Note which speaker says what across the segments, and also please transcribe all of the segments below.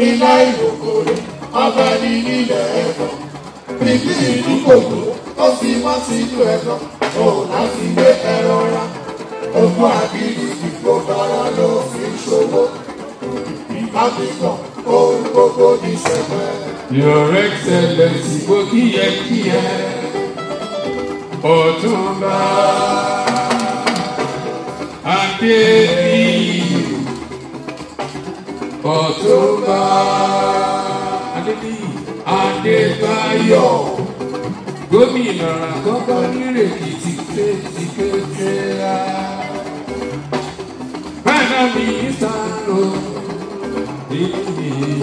Speaker 1: ilá ìlòkòrò ọba ní nílẹ̀ ẹ̀kọ́ bíbí ìlú kòkó ó fi wá sí ìlú òun láti gbé ẹ̀rọ ra ogún àbílí ìdìbò bára ló fi ṣòwò ìbábíkan ohun gbogbo ní sẹ́pẹ́. Your Excellency wo kíyẹkíyẹ ọ̀túnba adé ọ̀túnba adébíyì adébáyọ̀ gómìnà àkọ́kọ́ nírèkì tìpétìpété rà bẹ́ẹ̀ náà mi ń ta lọ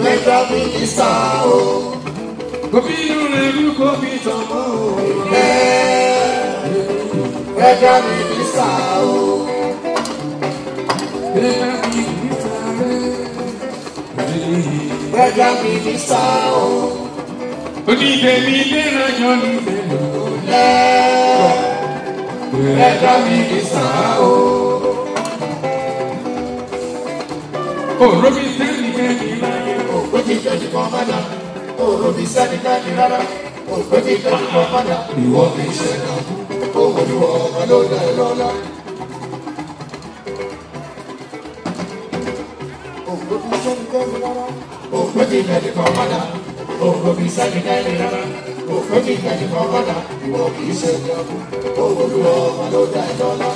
Speaker 1: lẹ́tà mi ń ta o kòbí inú rẹ̀ ló kòbí tọmọ o lẹ́tà mi ń ẹja mi ní sá o. oníbẹ̀ mi lè ràjọ níbẹ̀ lọ́lẹ́ ẹja mi ní sá o. sẹ́ni kẹ́ni láyé òkú ti kan padà òró sẹ́ni kẹ́ni rárá òkú ti kan padà ìwọ mi ṣẹ̀dá òwò ni wọ́n ló dá lọ́la. òǹgbò fi sẹ́nikẹ́ni rárá. òǹgbò ti fẹ́ni kan padà òǹgbò fi sẹ́nikẹ́ni rárá. òǹgbò ti fẹ́ni kan padà ìwọ kì í ṣe ìjọba òǹgbò ló wọ ọmọ ló dá ẹ lọ́la.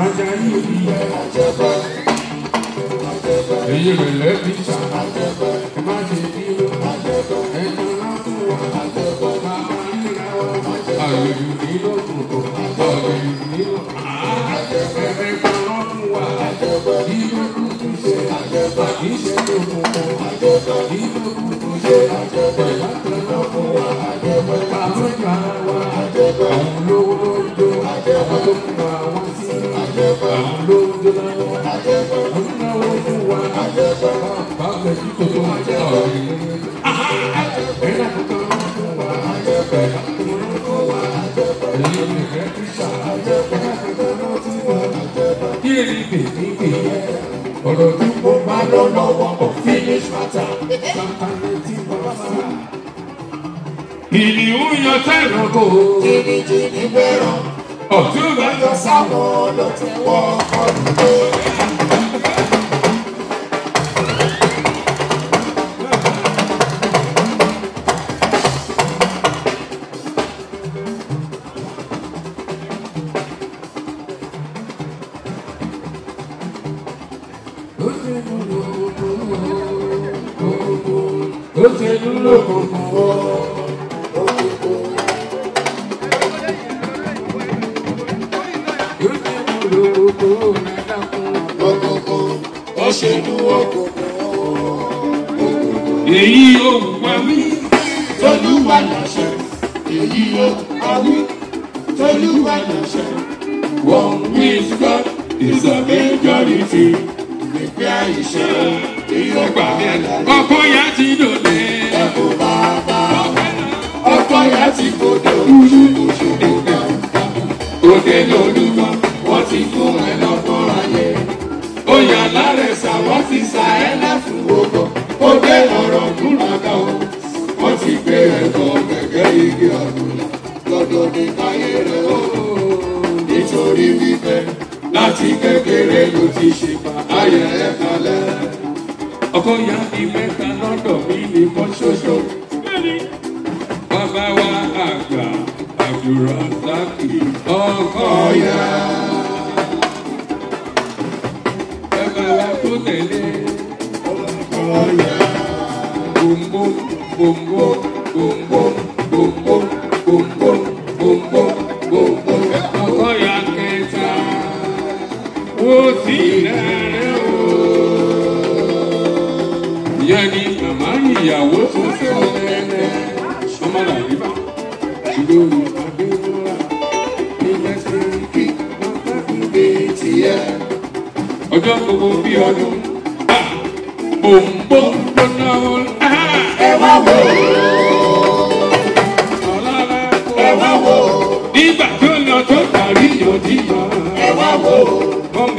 Speaker 1: Ajayi ìyẹn àjẹbọ àjẹbọ èyí rẹ̀ lẹ́bi sàn àjẹbọ. Ọ̀rọ̀ tó I don't know what will finish matter. Ìlú yan sẹ́ranko. Jìnnìjìnnì gbẹ̀rọ. Ọ̀tún bá yọ sáwọn ló ti wọ́ ọdún tó. òṣèlú lòkùnkùn o. òṣèlú lòkùnkùn o. òṣèlú òkùnkùn o. èyí yóò wá wí. tolúwa làṣẹ èyí yóò wá wí. tolúwa làṣẹ. one with God is a majority bí àìṣe ni yóò gbà mí ẹ̀dá. ọkọ ya ti dòde. ẹkùn bàbá ọkọ ya ti kodò ṣubúṣubú náà. òde lolúkọ wọ́n ti fún ẹ lọ́kọ́ ayé. oyè alárẹ̀sà wọ́n ti sa ẹ́ láfún gbogbo. ó dé ọ̀rọ̀ kúrọ̀gà o. wọ́n ti gbé ẹ̀kọ́ gẹ́gẹ́ igi ọ̀dùnlá lọ́dọ̀ ní táyé rẹ̀ o. nítorí wípé láti kékeré ló ti ṣe bàbá yẹn ẹ kalẹ̀. ọkọ ìyá mi mẹ́ta lọ́dọ̀ mi nìkan ṣoṣo. bàbá wa àgbà Abdulrasaki ọkọ ìyá. bàbá wa tó tẹ̀lé ọkọ ìyá. gbòǹgbò gbòǹgbò gbòǹgbò gbòǹgbò. yẹni màmá ìyàwó sọsọ lẹlẹ ọmọ làbíbà lórí adébọlá nígbà tí kí bàbá gbé tìyà. ọjọ́ gbogbo bí ọdún bòǹbò lọ́nà ọ̀la. ẹ wá wò ó. ọ̀làlá ó. lọ tó parí yọ̀dí yọ̀. ẹ wò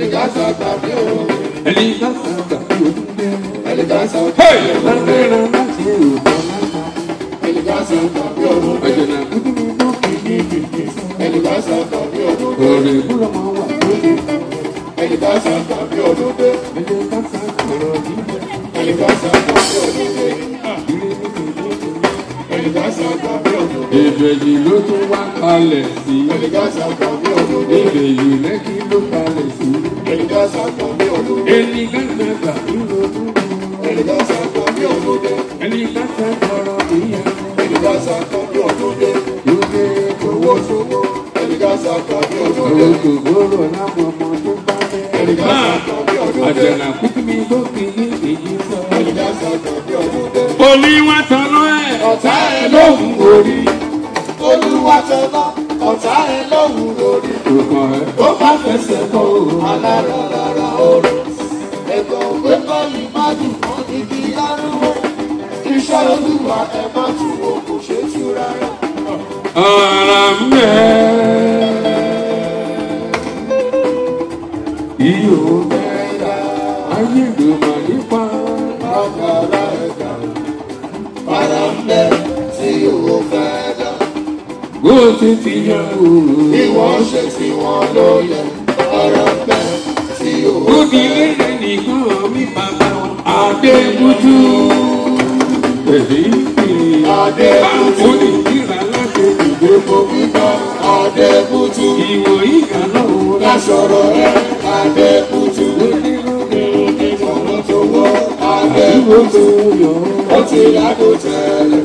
Speaker 1: ẹnìkan sọ tàbí o. ẹnìkan sọ ló tún wá kalẹ̀ sí. ẹnìkan sọ tàbí o. Èlùbọ́sà kan bí òmùdé. Èlùbọ́sà tọrọ ìyá. Èlùbọ́sà kan bí òmùdé. Ìwé owó ṣòwò. Èlùbọ́sà kan bí òmùdé. Òkòkòrò láwọn ọmọ tó bá dé. Èlùbọ́sà kan bí òmùdé. Àjànà kúkú mi gòkè yé èyí sọ. Èlùbọ́sà kan bí òmùdé. Olú wa tọrọ ẹ̀. Ọ̀tá ẹ̀ lóhùn orí. Olúwa tọrọ ọ̀tá ẹ̀ lóhùn orí. Ó bá fẹsẹ̀ kọ́ òun. Alárọ̀rọ̀ orí. iṣẹ́ olúwa ẹ má tu wo kò ṣe é tu rárá. ara ń bẹ iyò bẹ ayé ló mà nípa. lágbára ẹ̀ka ara ń bẹ tí ò fẹ́ dá. bó ti ti yan òru. bí wọ́n ṣe ti wọn lóye ara ń bẹ tí ò fẹ́ dá. ó di lẹ́yìn nìkan mi bàbá adébújú èyí ni Adébútú ó ní ìlà láti ìgbé mo gbígbà Adébútú ìwọ ìgbà lọ́wọ́ lásọ̀rọ̀ rẹ̀ Adébútú ó ní lóde òde tọ̀wọ́ tọwọ́ Adébútú ó ti yàgò tẹ̀lé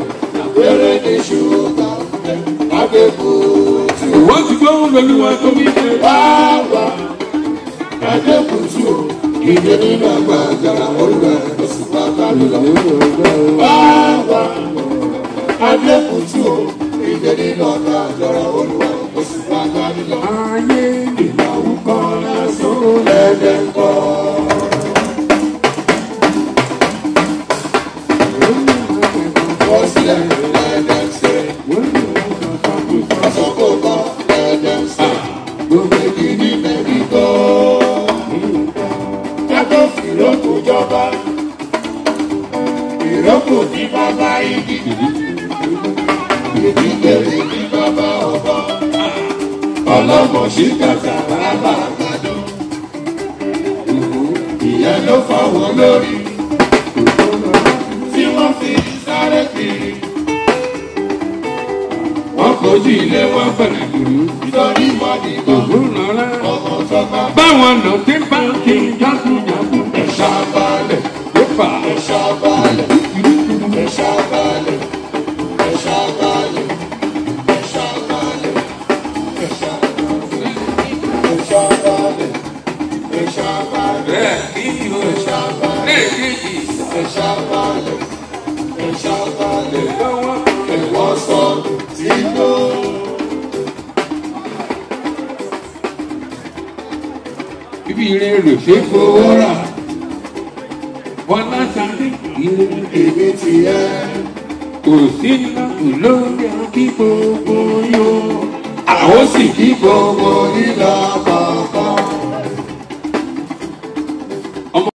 Speaker 1: àpẹẹrẹ ní ṣùgbọ́n Adébútú. wọ́n ti gbọ́ wọn pẹ̀lú wa tó ní ṣe. báwa Adébútú ìdè nínú àgbà àgbàrá olùwẹ̀ oṣù pápá lọ́wọ́ kùtù o ìdè nílò ọ̀dà àjọrọ̀ olùwà kò sì má ayé ìnáwó kan lásán lẹ́dẹ̀ kọ́. Thank you. ọmọ sí kàkà bàbá àgbàdo ìyẹn ló fọwọ́ lórí tí wọ́n fi sáré kiri wọ́n kojú ilé wọn bẹ̀rẹ̀ dùn nítorí wọ́n di gbọ̀ngàn ọmọ sọ́gbà. báwọn lọ sí báńkì jákujàku ẹ̀ṣá balẹ̀ ẹ̀ṣá balẹ̀. Ibi ire rè ṣe fowó rà. Bọ́lá Sáré ire èmi ti yẹ. Kò sí láàbù lórí akí gbogbo yó. Àwọn sì kí gbogbo nílò bá.